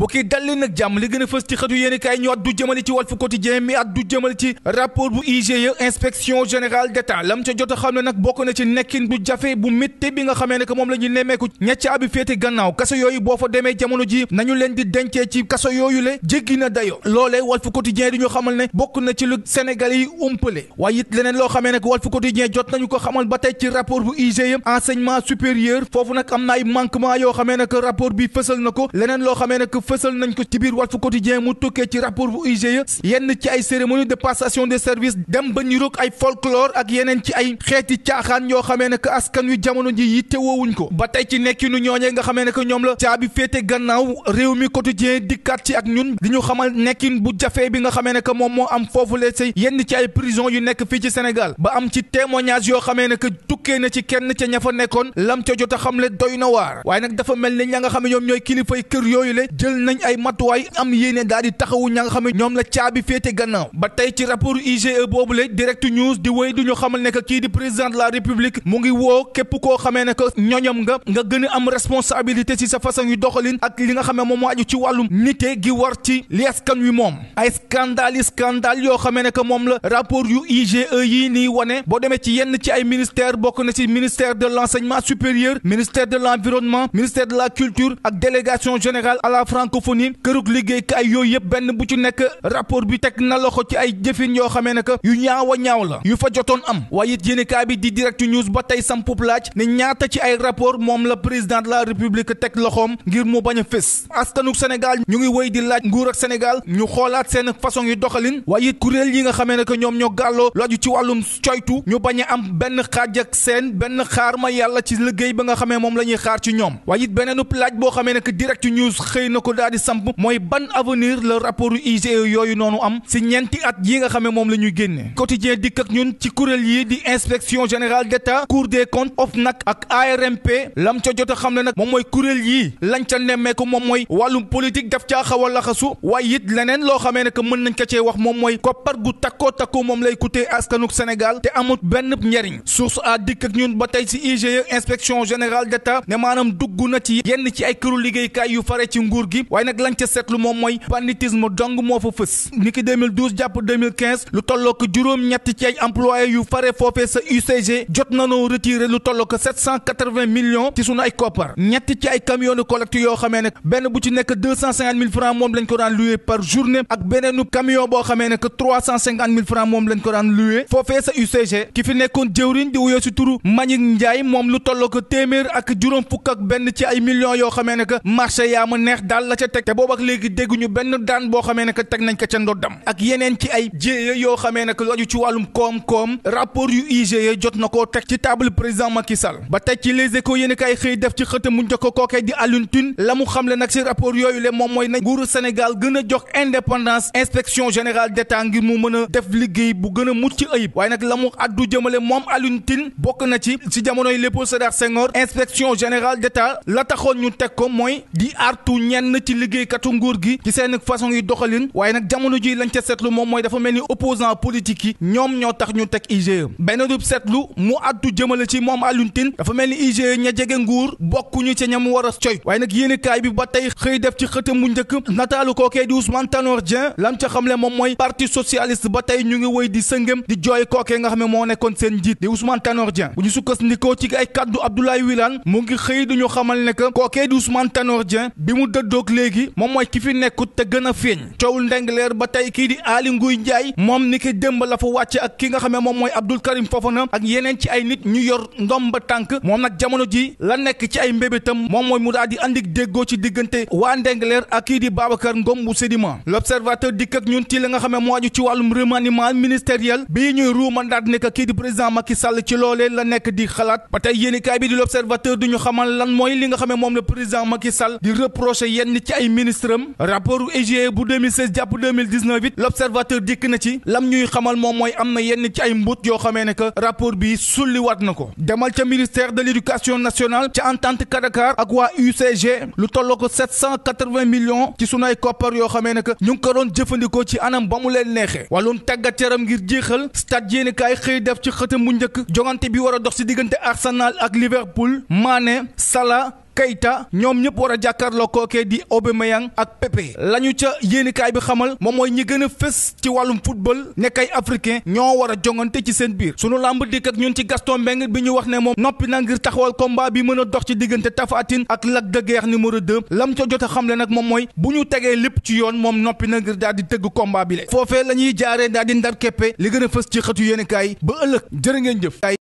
mbokki dalli nag jàmm li gën a fës ci xëtu yéen i kaay ñu addu jëmale ci Walf Quotidien e inspection générale d'État lam ca jot xam ne nag bokk na ci nekkin bu jafe bu métti bi nga xamee ne que moom la ñu nemmeeku ñecc abi féete gannaaw kaso yooyu boo fa demee jamono ji nañu leen di dencee ci kaso yooyu le jéggi na dayo loolee Walf Quotidien di ñu xamal ne bokk na ci lu Sénégal yi umpale waaye it leneen loo xamee ne que Walf Quotidien jot nañu ko xamal ba tey ci rapport bu IGE enseignement supérieur foofu nag am na ay manquement yoo xamee ne que rapport bi fësal na ko leneen loo xamee ne fësal nañ ko ci biir Walf Quotidien mu tukkee ci rapport bu IGE yenn ci ay cérémonie de passation de service dem ba niroog ay folklore ak yeneen ci ay xeeti caaxaan yoo xamee ne askan wi jamono ji yitte woowuñ ko ba tey ci nekkinu ñooñee nga xamee ne que ñoom la caabi féete gannaaw réew mi Quotidien dikkaat ci ak ñun di ñu xamal nekkin bu jafee bi nga xamee ne que moom moo am foofu la say yenn ci ay prison yu nekk fii ci Sénégal ba am ci témoignage yoo xamee ne que tukkee na ci kenn ca ña fa nekkoon lam ca jot a xamle doy na waar waaye nag dafa mel ni ña nga xam ne ñooy kilifay kër yooyu nañ ay matuwaay am yéene daal di taxawu ña nga xam ne ñoom la caabi féete gannaaw ba tey ci rapport IGE boobu la direct news di wéy du ñu xamal ne que kii di président de la république mu ngi woo képp koo xame ne que ñoñom nga nga gën am responsabilité ci sa façon yu doxalin ak li nga xam ne moom moo aju ci wàllum nite gi war ci li askan wi moom ay scandale yi scandale yoo xamee ne que moom la rapport yu IGE yi nii wane boo demee ci yenn ci ay ministère bokk na ci ministère de l'enseignement supérieur ministère de l'environnement ministère de la culture ak délégation générale francophonie kërug liggéey yooyu yëpp benn bu ci nekk rapport bi teg na loxo ci ay jëfin yoo xamee ne que yu ñaaw a ñaaw la yu fa jotoon am waaye it yéenekaay bi di direct news ba tey sampub laaj ne ñaata ci ay rapport moom la président la république teg loxoom ngir mu bañ a fés askanug Sénégal ñu ngi woy di laaj nguur ak Sénégal ñu xoolaat seen façon yi doxalin waaye it kuréel yi nga xamee ne que ñoom ñoo gàlloo loju ci wàllum coytu ñu bañ am benn xaaj ak seen benn xaar ma yàlla ci liggéey ba nga xamee moom la ñuy xaar ci ñoom waaye it beneenub laaj boo xamee ne direct news xëy na ko ko daal di samp mooy ban avenir le rapport IGE yooyu noonu am si ñeenti at yi nga xam ne moom la ñuy génne quotidien dikk ak ñun ci kuréel yi di inspection générale d'État de des comptes nag ak ARMP lam ca jot xam ne nag moom mooy kuréel yi lañ ca nemmeeku moom mooy wàllum politique def ca xaw laxasu waaye it leneen loo xamee ne que mën nañ ko cee wax moom mooy koppar gu takkoo takku moom lay coûter askanuk Sénégal te amut benn njariñ source a dikk ñun ba tey si IGE inspection générale d'État maanaam dugg na ci yenn ci ay këru liggéeykaay yu fare ci nguur gi ji waaye nag lañ ca seetlu moom mooy banditisme dong moo fa fës ni jàpp lu tollook juróom-ñett ci ay employé yu fare foofee sa UCG jot nanoo retiré lu tollook 780 millions ci sunu ay koppar ñett ci ay camions de collecte yoo xamee ne benn bu ci nekk 250 000 francs moom lañ ko daan loué par journée ak beneenu camion boo xamee ne que 350 000 francs moom lañ ko daan loué foofee sa UCG ki fi nekkoon jëwriñ ci ay millions yoo xamee ne la ca teg te boobu ak léegi dégguñu benn daan boo xamee ne que teg nañ ko ca ndoddam ak yeneen ci ay jéeya yoo xamee ne que lu ci wàllum koom-koom rapport yu IGE jot na koo teg ci table président Macky Sall ba teg ci les échos yéen kay xëy def ci xëtam mu njëkk kookee di Alioune Tine la mu xamle nag ci rapport yooyu le moom mooy na nguuru Sénégal gën a jox indépendance inspection générale d'état ngir mu mën a def liggéey bu gën a mucc ayib waaye nag la mu addu jëmale moom Alioune bokk na ci ci jamonoy Léopold Sédar Senghor inspection générale d'état la taxoon ñu teg ko mooy di yëkkati liggéeykatu nguur gi ci seen façon yi doxalin waaye nag jamono ji lañ ca seetlu moom mooy dafa mel ni opposant politique yi ñoom ñoo tax ñu teg IGE benn dub seetlu mu addu jëmale ci moom Alioune dafa mel ni IGE ña jege nguur bokkuñu ci ñam war a coy waaye nag yéenekaay bi ba tey xëy def ci xëtam bu njëkk nataalu kookee di Ousmane Tanor Dieng lam ca xamle moom mooy parti socialiste ba tey ñu ngi wëy di sëngëm di jooy kookee nga xam ne moo nekkoon seen njiit di Ousmane Tanor Dieng bu ñu sukkandikoo ci ay kaddu Abdoulaye léegi moom mooy ki fi nekkut te gën a feeñ coowul ndengleer ba tey kii di Aly Ngouille Ndiaye moom ni ki démb la fa wàcce ak ki nga xam ne moom mooy Abdoul Karim Fofana ak yeneen ci ay nit ñu yor ba tànk moom nag jamono ji la nekk ci ay mbébétam moom mooy mu daal di andi déggoo ci diggante waa ndengleer ak kii di Babacar Ngom bu Sedima l'observateur dikk ak ñun ci li nga xam ne moo aju ci wàllum remaniement ministériel bii ñuy ruumandaat ne Sall ci loolee la nekk di xalaat ba tey yéenekaay bi di l'observateur duñu xamal lan mooy li nga xam ne moom la président Macky Sall ci ay ministre am rapport IGE e bu 2016 jàpp 2019 it l' observateur dikk na ci lam ñuy xamal moom mooy am na yenn ci ay mbut yoo xamee ne que rapport bi sulliwaat na ko demal ca ministère de l' éducation nationale ca entente Kadakar ak waa UCG lu tolloo ko 780 millions ci sunu ay koppar yoo xamee ne que ñu ngi ko doon jëfandikoo ci anam ba mu leen neexee wàllum tàggat yaram ngir jéexal stade yéeni kaay xëy def ci xëtam bu njëkk jongante bi war a dox si diggante Arsenal ak Liverpool Mané Salah Keita ñoom ñëpp war a jàkkaarloo kookee di Aubameyang ak Pepe la ñu ca yéenikaay bi xamal moom mooy ñi gën a fës ci wàllum football nekk ay africain ñoo war a jongante ci seen biir sunu làmb dikk ak ñun ci Gaston Mbengue bi ñu wax ne moom noppi na ngir taxawal combat bi mën a dox ci diggante Tapha Tine ak Lac de Guiers numéro 2 lam ca jot a xamle nag moom mooy bu ñu tegee lépp ci yoon moom noppi na ngir daal di tëgg combat bi le foofee la ñuy jaaree daal di ndar li gën a fës ci xëtu yéenikaay ba ëllëg jërë ngeen jëf